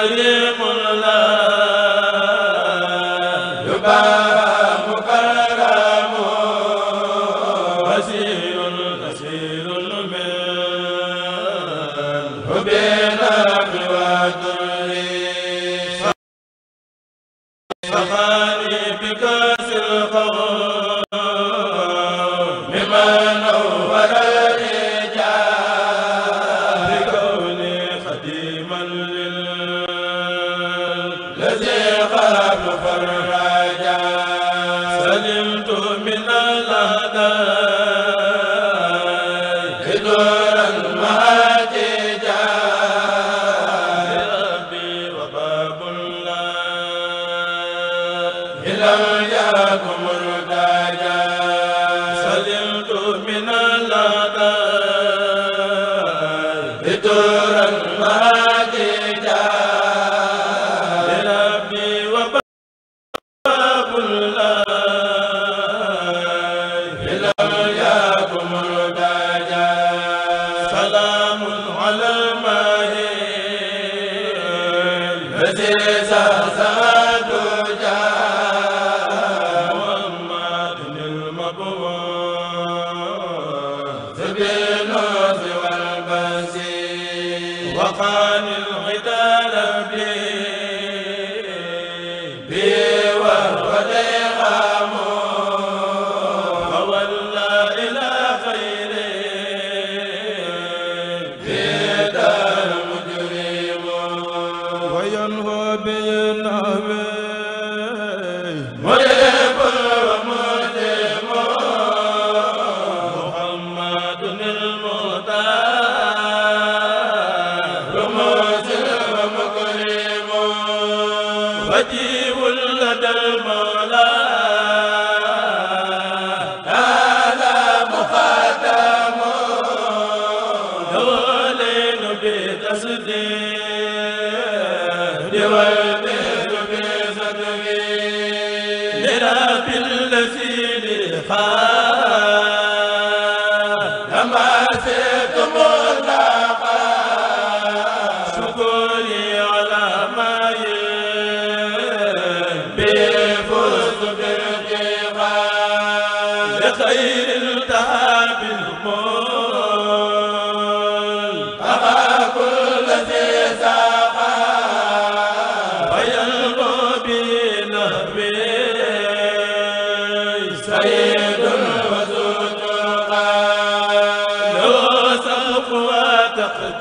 Hare bi turan ma وقال الغدار بليه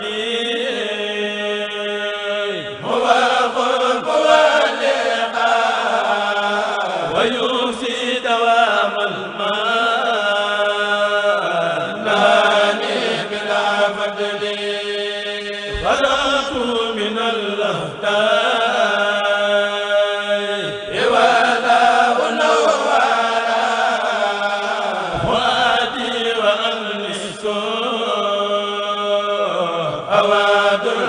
di awa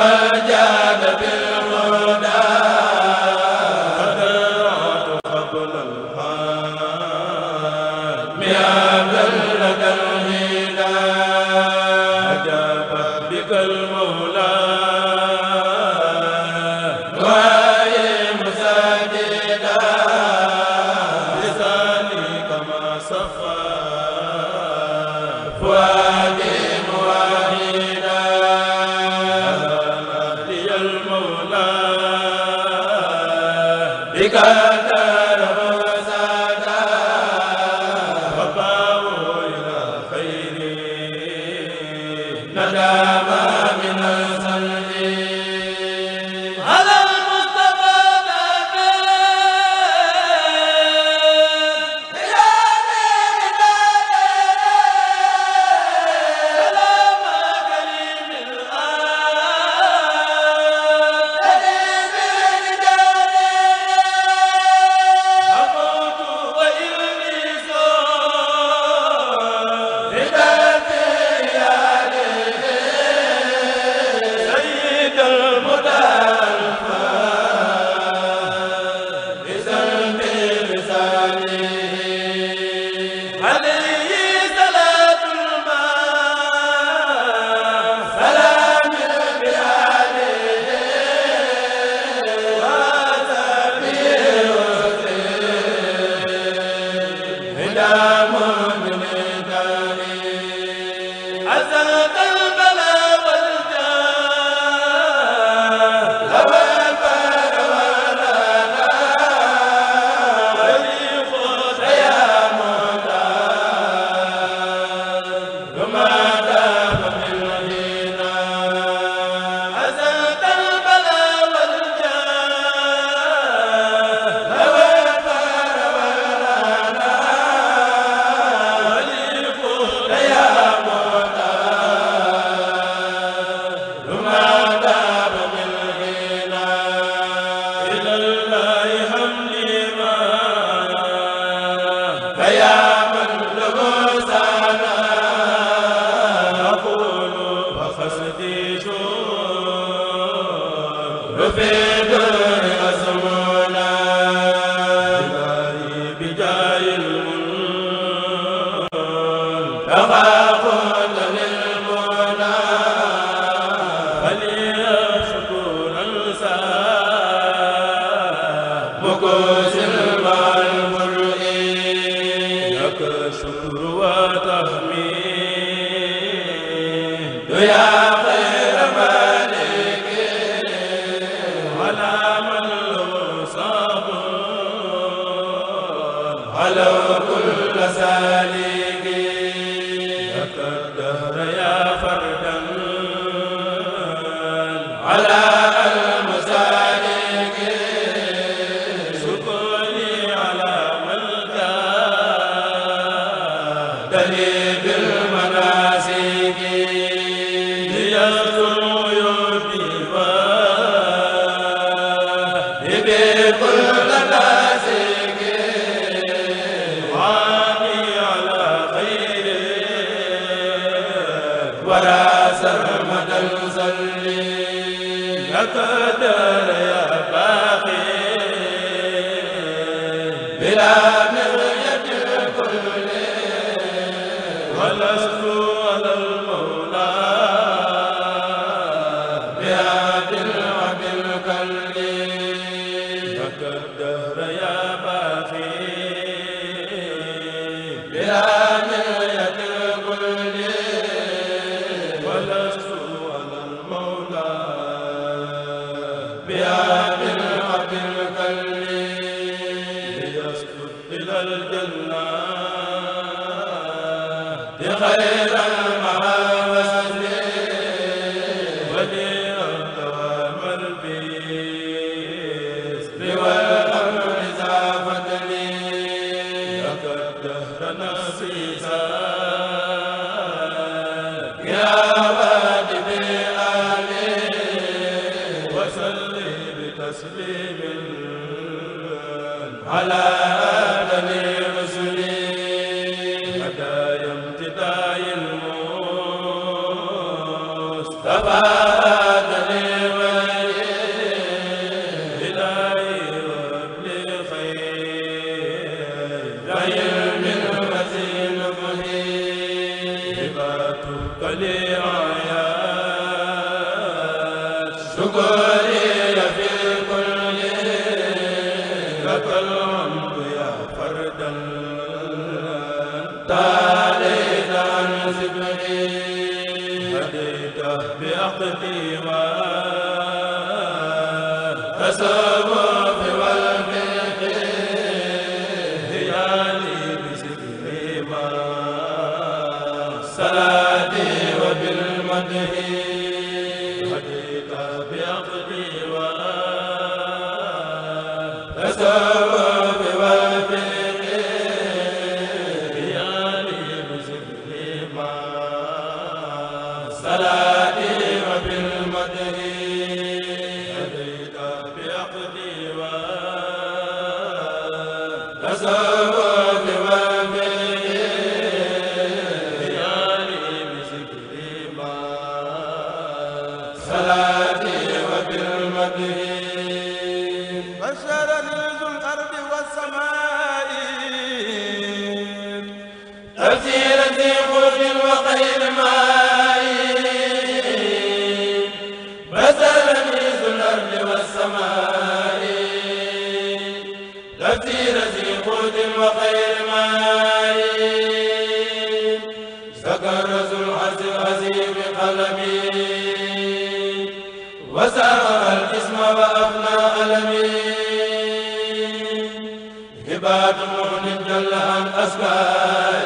ma ja ذلك be yaa salaati wa bil madhi العالمين هبات مؤمن جل عن أسباب